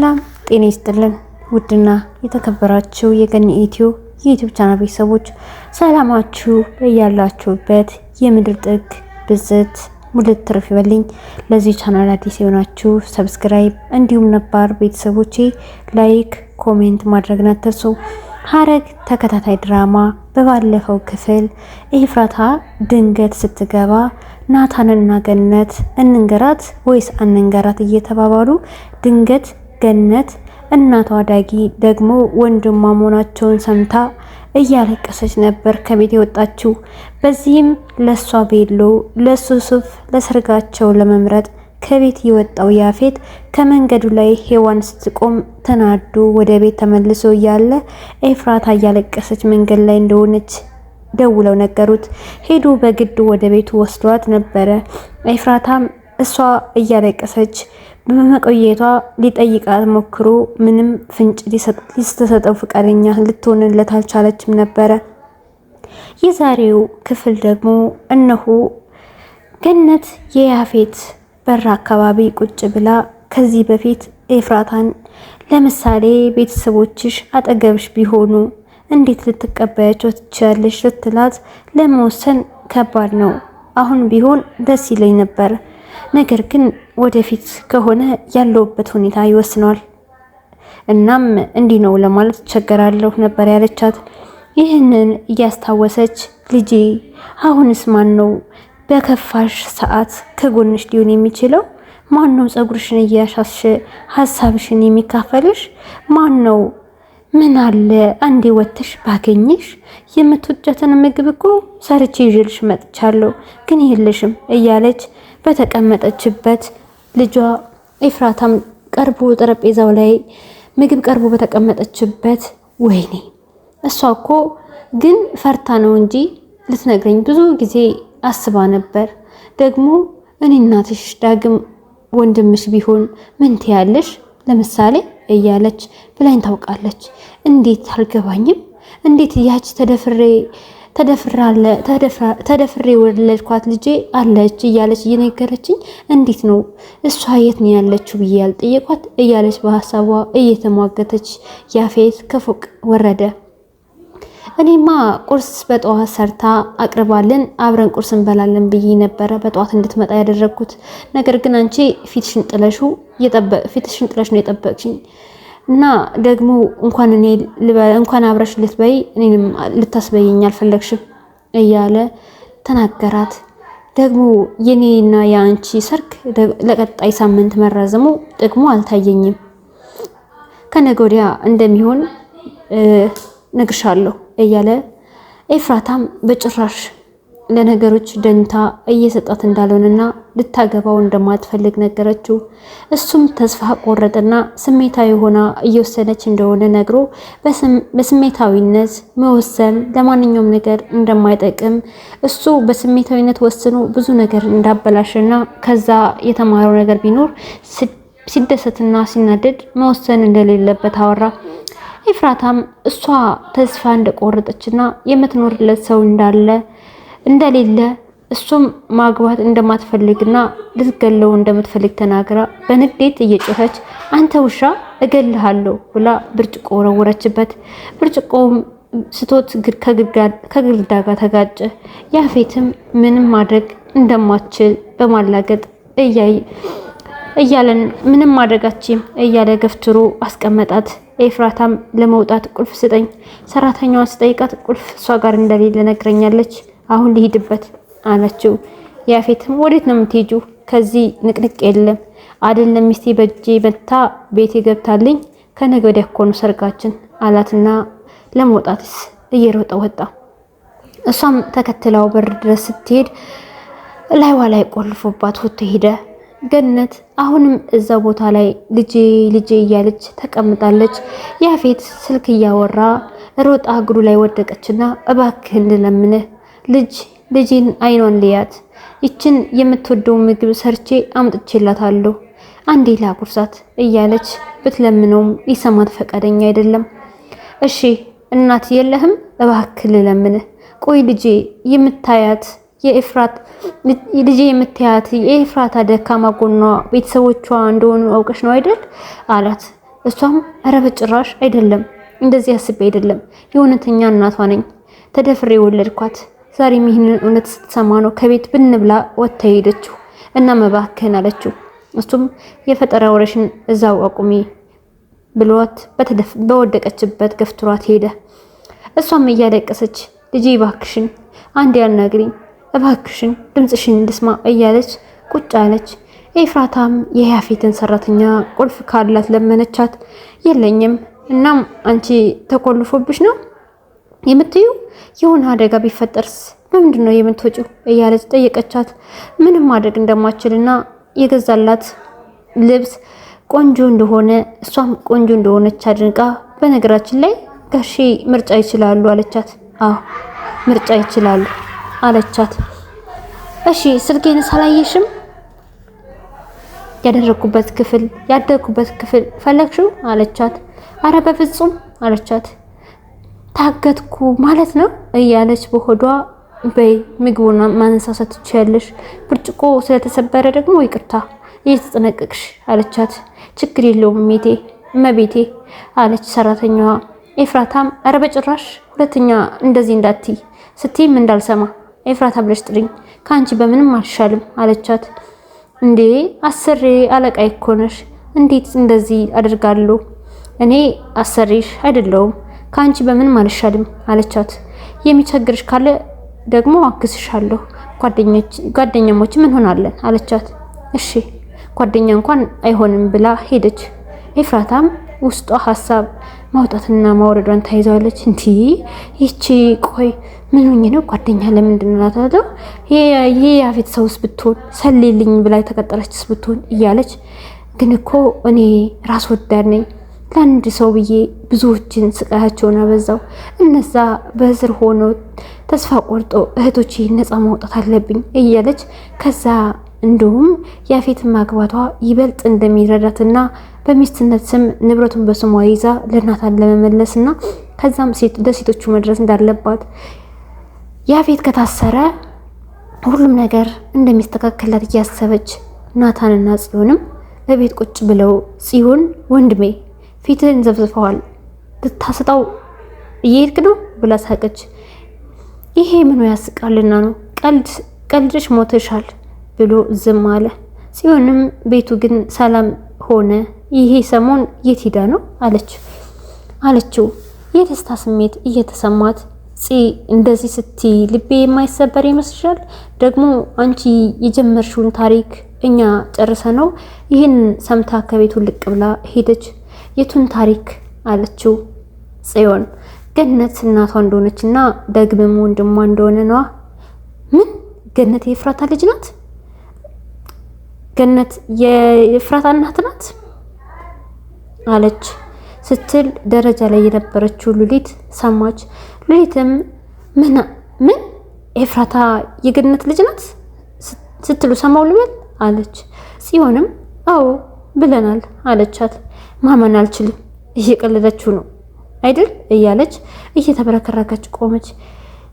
ሰላም ጤና ይስጥልን ውድና የተከበራችሁ የገኒ ኢትዮ የዩቲዩብ ቻናል ቤተሰቦች ሰላማችሁ በያላችሁበት የምድር ጥግ ብዝት ሙልት ትርፍ ይበልኝ። ለዚህ ቻናል አዲስ የሆናችሁ ሰብስክራይብ፣ እንዲሁም ነባር ቤተሰቦቼ ላይክ፣ ኮሜንት ማድረግ አትርሱ። ሐረግ ተከታታይ ድራማ በባለፈው ክፍል ኤፍራታ ድንገት ስትገባ ናታንና ገነት እንንገራት ወይስ አንንገራት እየተባባሉ ድንገት ገነት እናቷ ዳጊ ደግሞ ወንድሟ መሆናቸውን ሰምታ እያለቀሰች ነበር ከቤት የወጣችው። በዚህም ለእሷ ቤሎ ለእሱ ሱፍ ለሰርጋቸው ለመምረጥ ከቤት የወጣው ያፌት ከመንገዱ ላይ ሄዋን ስትቆም ተናዱ ወደ ቤት ተመልሶ እያለ ኤፍራታ እያለቀሰች መንገድ ላይ እንደሆነች ደውለው ነገሩት። ሄዱ በግድ ወደ ቤቱ ወስዷት ነበረ። ኤፍራታም እሷ እያለቀሰች በመቆየቷ ሊጠይቃት ሞክሮ ምንም ፍንጭ ሊስተሰጠው ፈቃደኛ ልትሆንለት አልቻለችም ነበረ። የዛሬው ክፍል ደግሞ እነሆ ገነት የያፌት በር አካባቢ ቁጭ ብላ ከዚህ በፊት ኤፍራታን ለምሳሌ ቤተሰቦችሽ አጠገብሽ ቢሆኑ እንዴት ልትቀበያቸው ትችያለሽ? ስትላት ለመወሰን ከባድ ነው። አሁን ቢሆን ደስ ይለኝ ነበር ነገር ግን ወደፊት ከሆነ ያለውበት ሁኔታ ይወስነዋል። እናም እንዲህ ነው ለማለት ቸገራለሁ ነበር ያለቻት። ይህንን እያስታወሰች ልጄ አሁንስ ማን ነው በከፋሽ ሰዓት ከጎንሽ ሊሆን የሚችለው ማን ነው? ፀጉርሽን እያሻሽ ሀሳብሽን የሚካፈልሽ ማን ነው? ምን አለ አንዴ ወተሽ ባገኝሽ። የምትወጃትን ምግብ እኮ ሰርቼ ይዤልሽ መጥቻለሁ፣ ግን የለሽም እያለች በተቀመጠችበት ልጇ ኤፍራታም ቀርቦ ጠረጴዛው ላይ ምግብ ቀርቦ በተቀመጠችበት ወይኔ እሷ እኮ ግን ፈርታ ነው እንጂ ልትነግረኝ ብዙ ጊዜ አስባ ነበር። ደግሞ እኔ እናትሽ ዳግም ወንድምሽ ቢሆን ምን ትያለሽ? ለምሳሌ እያለች ብላኝ ታውቃለች። እንዴት አልገባኝም። እንዴት እያች ተደፍሬ ተደፍሬ ወለድኳት ልጄ አለች እያለች እየነገረችኝ እንዴት ነው እሷ የት ነው ያለችው ብዬ ያልጠየቋት እያለች በሀሳቧ እየተሟገተች ያፌት ከፎቅ ወረደ። እኔማ ቁርስ በጠዋት ሰርታ አቅርባልን አብረን ቁርስ እንበላለን ብዬ ነበረ በጠዋት እንድትመጣ ያደረግኩት። ነገር ግን አንቺ ፊትሽን ጥለሽ ነው የጠበቅሽኝ እና ደግሞ እንኳን እኔ እንኳን አብረሽ ልትበይ እኔንም ልታስበይኝ አልፈለግሽም እያለ ተናገራት። ደግሞ የኔና የአንቺ ሰርግ ለቀጣይ ሳምንት መራዘሙ ጥቅሙ አልታየኝም። ከነገ ወዲያ እንደሚሆን ነግርሻለሁ እያለ ኤፍራታም በጭራሽ ለነገሮች ደንታ እየሰጣት እንዳልሆነና ልታገባው እንደማትፈልግ ነገረችው። እሱም ተስፋ ቆረጠና ስሜታዊ ሆና እየወሰነች እንደሆነ ነግሮ በስሜታዊነት መወሰን ለማንኛውም ነገር እንደማይጠቅም እሱ በስሜታዊነት ወስኖ ብዙ ነገር እንዳበላሸና ከዛ የተማረው ነገር ቢኖር ሲደሰትና ሲናደድ መወሰን እንደሌለበት አወራ። ኤፍራታም እሷ ተስፋ እንደቆረጠችና የምትኖርለት ሰው እንዳለ እንደሌለ እሱም ማግባት እንደማትፈልግና ልትገለው እንደምትፈልግ ተናግራ በንዴት እየጮኸች አንተ ውሻ እገልሃለሁ ብላ ብርጭቆ ወረወረችበት። ብርጭቆውም ስቶት ከግድግዳ ጋር ተጋጨ። ያፌትም ምንም ማድረግ እንደማትችል በማላገጥ እያለን ምንም ማድረጋችም እያለ ገፍትሮ አስቀመጣት። ኤፍራታም ለመውጣት ቁልፍ ስጠኝ፣ ሰራተኛዋን ስጠይቃት ቁልፍ እሷ ጋር እንደሌለ ነግረኛለች አሁን ልሂድበት አለችው። ያፌትም ወዴት ነው የምትሄጁ? ከዚህ ንቅንቅ የለም አይደለም ሚስቴ በእጄ መታ ቤቴ ገብታልኝ ከነገ ወዲያ እኮ ነው ሰርጋችን አላትና ለመውጣትስ እየሮጠ ወጣ። እሷም ተከትለው በር ድረስ ስትሄድ ላይዋ ላይ ቆልፎባት ወጥቶ ሄደ። ገነት አሁንም እዛ ቦታ ላይ ልጄ ልጄ እያለች ተቀምጣለች። ያፌት ስልክ እያወራ ሮጣ እግሩ ላይ ወደቀችና እባክህ እንለምንህ ልጅ ልጅን አይኗን ልያት ይችን የምትወደው ምግብ ሰርቼ አምጥቼላታለሁ አንዴ ላጉርሳት እያለች ብትለምነውም ሊሰማት ፈቃደኛ አይደለም። እሺ እናት የለህም እባክህ ልለምንህ። ቆይ ልጄ የምታያት የኤፍራት ልጄ የምታያት የኤፍራታ ደካማ ጎኗ ቤተሰቦቿ እንደሆኑ አውቀሽ ነው አይደል አላት። እሷም ኧረ በጭራሽ አይደለም፣ እንደዚህ አስቤ አይደለም፣ የእውነተኛ እናቷ ነኝ፣ ተደፍሬ ወለድኳት ዛሬም ይህንን እውነት ስትሰማ ነው ከቤት ብን ብላ ወጥታ ሄደችው እና መባከን አለችው። እሱም የፈጠራ ወረሽን እዛው አቁሚ ብሏት በወደቀችበት ገፍትሯት ሄደ። እሷም እያለቀሰች ልጄ እባክሽን አንድ ያናግሪኝ እባክሽን ድምፅሽን እንድስማ እያለች ቁጭ አለች። ኤፍራታም የያፌትን ሰራተኛ ቁልፍ ካላት ለመነቻት። የለኝም እናም አንቺ ተቆልፎብሽ ነው የምትዩ የሆነ አደጋ ቢፈጠርስ በምንድን ነው የምትወጪው? እያለች ጠየቀቻት። ምንም ማድረግ እንደማችልና የገዛላት ልብስ ቆንጆ እንደሆነ እሷም ቆንጆ እንደሆነች አድንቃ፣ በነገራችን ላይ ጋሼ ምርጫ ይችላሉ አለቻት። አዎ ምርጫ ይችላሉ አለቻት። እሺ ስልኬን ሳላየሽም ያደረኩበት ክፍል ያደረኩበት ክፍል ፈለግሽው አለቻት። አረ በፍጹም አለቻት። ታገትኩ ማለት ነው እያለች በሆዷ በይ ምግቡን ማነሳሳት ትችያለሽ፣ ብርጭቆ ስለተሰበረ ደግሞ ይቅርታ እየተጠነቀቅሽ አለቻት። ችግር የለውም ሜቴ እመቤቴ አለች ሰራተኛዋ። ኤፍራታም ኧረ በጭራሽ ሁለተኛ እንደዚህ እንዳትይ ስትይም እንዳልሰማ ኤፍራታ ብለሽ ጥሪኝ፣ ከአንቺ በምንም አልሻልም አለቻት። እንዴ አሰሬ አለቃ ይኮነሽ እንዴት እንደዚህ አደርጋለሁ? እኔ አሰሬሽ አይደለውም ከአንቺ በምንም አልሻልም አለቻት። የሚቸግርሽ ካለ ደግሞ አግዝሻለሁ፣ ጓደኛሞች ምን ሆናለን አለቻት። እሺ ጓደኛ እንኳን አይሆንም ብላ ሄደች። ኤፍራታም ውስጧ ሀሳብ ማውጣትና ማውረዷን ታይዛለች። እንቲ ይቺ ቆይ ምን ሆኜ ነው ጓደኛ ለምንድን ላታለው ይሄ ያፌት ሰውስ ብትሆን ሰሌልኝ ብላ የተቀጠረችስ ብትሆን እያለች ግን እኮ እኔ ራስ ወዳድ ነኝ ለአንድ ሰው ብዬ ብዙዎችን ስቃያቸውን አበዛው። እነዛ በእስር ሆኖ ተስፋ ቆርጦ እህቶቼ ነፃ ማውጣት አለብኝ እያለች ከዛ እንዲሁም ያፌትን ማግባቷ ይበልጥ እንደሚረዳትና በሚስትነት ስም ንብረቱን በስሟ ይዛ ለመመለስ እና ከዛም ለሴቶቹ መድረስ እንዳለባት ያፌት ከታሰረ ሁሉም ነገር እንደሚስተካከላት እያሰበች ናታንና ጽዮንም በቤት ቁጭ ብለው ጽዮን ወንድሜ ፊትን ዘብዝፈዋል፣ ልታሰጣው እየሄድክ ነው ብላ ሳቀች። ይሄ ምኑ ያስቃልና ነው? ቀልድሽ ሞተሻል ብሎ ዝም አለ። ጽዮንም ቤቱ ግን ሰላም ሆነ። ይሄ ሰሞን የት ሂዳ ነው አለች አለችው የደስታ ስሜት እየተሰማት ጽ እንደዚህ ስትይ ልቤ የማይሰበር ይመስልሻል? ደግሞ አንቺ የጀመርሽውን ታሪክ እኛ ጨርሰ ነው። ይህን ሰምታ ከቤቱ ልቅ ብላ ሄደች። የቱን ታሪክ አለችው ጽዮን። ገነት እናቷ እንደሆነች እና ደግመም ወንድሟ እንደሆነ ነዋ። ምን ገነት የፍራታ ልጅ ናት? ገነት የፍራታ እናት ናት አለች ስትል ደረጃ ላይ የነበረችው ሉሊት ሰማች። ሉሊትም ምን ምን ኤፍራታ የገነት ልጅ ናት ስትሉ ሰማው ልበል አለች። ጽዮንም አዎ ብለናል አለቻት። ማመን አልችልም፣ እየቀለደችው ነው አይደል እያለች እየተበረከረከች ቆመች።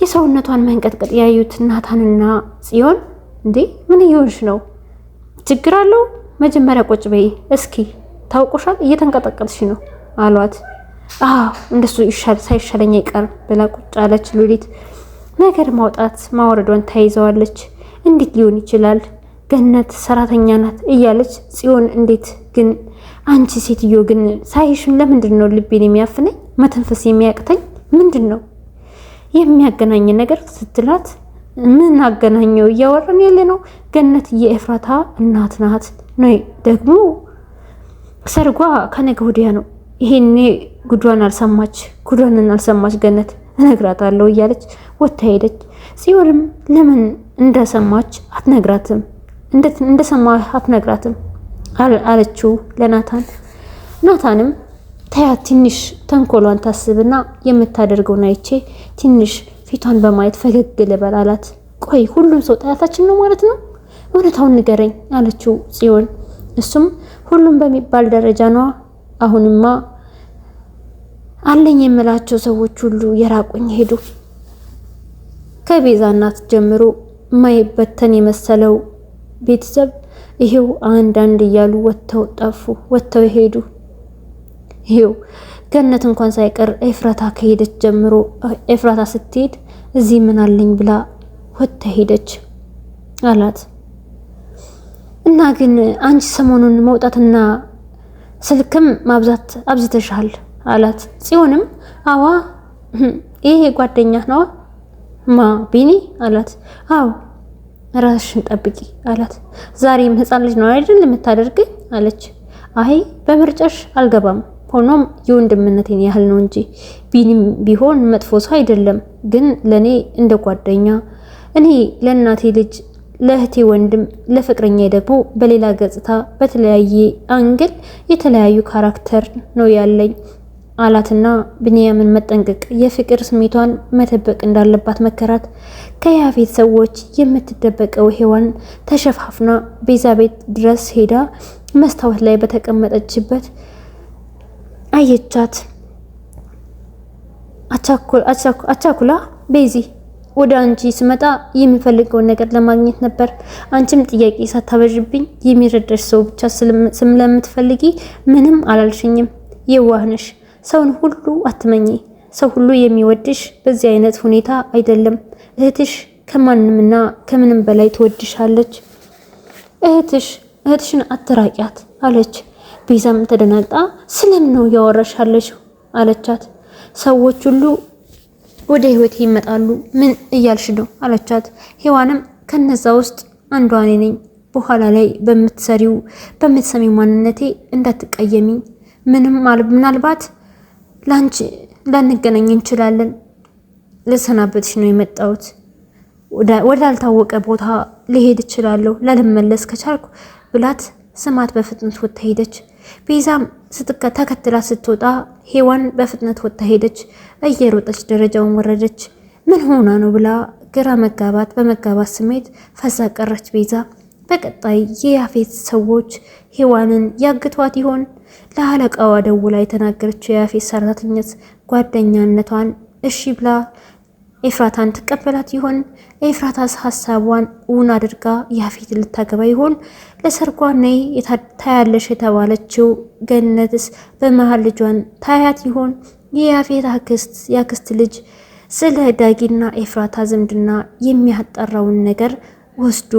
የሰውነቷን መንቀጥቀጥ ያዩት ናታንና ጽዮን እንዴ ምን እየሆንሽ ነው? ችግር አለው? መጀመሪያ ቁጭ በይ እስኪ ታውቆሻል፣ እየተንቀጠቀጥሽ ነው አሏት። አዎ እንደሱ ሳይሻለኝ አይቀር ብላ ቁጭ አለች ሉሊት። ነገር ማውጣት ማውረዷን ተያይዘዋለች። እንዴት ሊሆን ይችላል? ገነት ሰራተኛ ናት እያለች ጽዮን እንዴት ግን አንቺ ሴትዮ ግን ሳይሽም ለምንድን ነው ልቤን የሚያፍነኝ መተንፈስ የሚያቅተኝ ምንድን ነው የሚያገናኝ ነገር ስትላት ምን አገናኘው እያወራን ያለ ነው ገነት የኤፍራታ እናት ናት ነው ደግሞ ሰርጓ ከነገ ወዲያ ነው ይሄኔ ጉዷን አልሰማች ጉዷንን አልሰማች ገነት እነግራታለሁ እያለች ወታ ሄደች ጽዮንም ለምን እንደሰማች አትነግራትም እንደሰማ አትነግራትም አለችው ለናታን። ናታንም ታያ ትንሽ ተንኮሏን ታስብና የምታደርገውን አይቼ ትንሽ ፊቷን በማየት ፈገግ ልበል አላት። ቆይ ሁሉም ሰው ታያታችን ነው ማለት ነው? እውነታውን ንገረኝ አለችው ጽዮን። እሱም ሁሉም በሚባል ደረጃ ነዋ። አሁንማ አለኝ የምላቸው ሰዎች ሁሉ የራቁኝ ሄዱ። ከቤዛ እናት ጀምሮ ማይበተን የመሰለው ቤተሰብ ይሄው አንዳንድ እያሉ ወጥተው ጠፉ፣ ወጥተው ሄዱ። ይሄው ገነት እንኳን ሳይቀር ኤፍራታ ከሄደች ጀምሮ ኤፍራታ ስትሄድ እዚህ ምን አለኝ ብላ ወጥታ ሄደች አላት። እና ግን አንቺ ሰሞኑን መውጣትና ስልክም ማብዛት አብዝተሻል አላት። ጽዮንም አዋ ይሄ ጓደኛ ነዋ ማ ቢኒ አላት። አዎ ራስሽን ጠብቂ አላት። ዛሬም ህፃን ልጅ ነው አይደል የምታደርገኝ አለች። አይ በምርጫሽ አልገባም። ሆኖም የወንድምነቴን ያህል ነው እንጂ ቢኒም ቢሆን መጥፎ ሰው አይደለም። ግን ለኔ እንደ ጓደኛ እኔ ለእናቴ ልጅ፣ ለእህቴ ወንድም፣ ለፍቅረኛ ደግሞ በሌላ ገጽታ፣ በተለያየ አንግል የተለያዩ ካራክተር ነው ያለኝ። አላትና ብንያምን መጠንቀቅ የፍቅር ስሜቷን መደበቅ እንዳለባት መከራት። ከያፌት ሰዎች የምትደበቀው ሔዋን ተሸፋፍና ቤዛ ቤት ድረስ ሄዳ መስታወት ላይ በተቀመጠችበት አየቻት። አቻኩላ ቤዚ ወደ አንቺ ስመጣ የሚፈልገውን ነገር ለማግኘት ነበር። አንቺም ጥያቄ ሳታበዥብኝ የሚረዳሽ ሰው ብቻ ስለምትፈልጊ ምንም አላልሽኝም። የዋህነሽ ሰውን ሁሉ አትመኝ። ሰው ሁሉ የሚወድሽ በዚህ አይነት ሁኔታ አይደለም። እህትሽ ከማንምና ከምንም በላይ ትወድሻለች። እህትሽ እህትሽን አትራቂያት አለች። ቤዛም ተደናግጣ ስለምን ነው እያወራሻለች አለቻት። ሰዎች ሁሉ ወደ ህይወት ይመጣሉ ምን እያልሽ ነው አለቻት። ሔዋንም ከነዛ ውስጥ አንዷ እኔ ነኝ። በኋላ ላይ በምትሰሪው በምትሰሚው ማንነቴ እንዳትቀየሚ ምንም ምናልባት ላንቺ ላንገናኝ እንችላለን። ልሰናበትሽ ነው የመጣሁት። ወዳልታወቀ ቦታ ልሄድ እችላለሁ ላልመለስ ከቻልኩ ብላት ስማት በፍጥነት ወጥታ ሄደች። ቤዛም ተከትላ ስትወጣ ሄዋን በፍጥነት ወጥታ ሄደች። እየሮጠች ደረጃውን ወረደች። ምን ሆና ነው ብላ ግራ መጋባት በመጋባት ስሜት ፈዛ ቀረች ቤዛ። በቀጣይ የያፌት ሰዎች ሄዋንን ያግቷት ይሆን? ለአለቃዋ ደውላ የተናገረችው የያፌት ሰራተኛት ጓደኛነቷን እሺ ብላ ኤፍራታን ትቀበላት ይሆን? ኤፍራታስ ሀሳቧን እውን አድርጋ ያፌትን ልታገባ ይሆን? ለሰርጓ ነይ ታያለሽ የተባለችው ገነትስ በመሀል ልጇን ታያት ይሆን? የያፌት አክስት የአክስት ልጅ ስለ ዳጊና ኤፍራታ ዝምድና የሚያጠራውን ነገር ወስዶ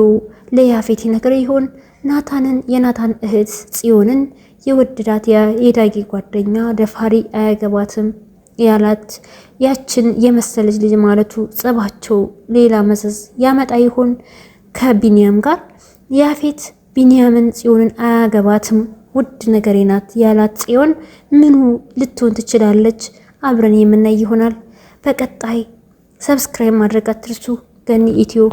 ለያፌት ነገር ይሆን? ናታንን የናታን እህት ጽዮንን የወደዳት የዳጊ ጓደኛ ደፋሪ አያገባትም ያላት ያችን የመሰለች ልጅ ማለቱ ጸባቸው ሌላ መዘዝ ያመጣ ይሆን? ከቢንያም ጋር ያፌት ቢንያምን ጽዮንን አያገባትም ውድ ነገሬ ናት ያላት ጽዮን ምኑ ልትሆን ትችላለች? አብረን የምናይ ይሆናል። በቀጣይ ሰብስክራይብ ማድረግ አትርሱ። ገኒ ኢትዮ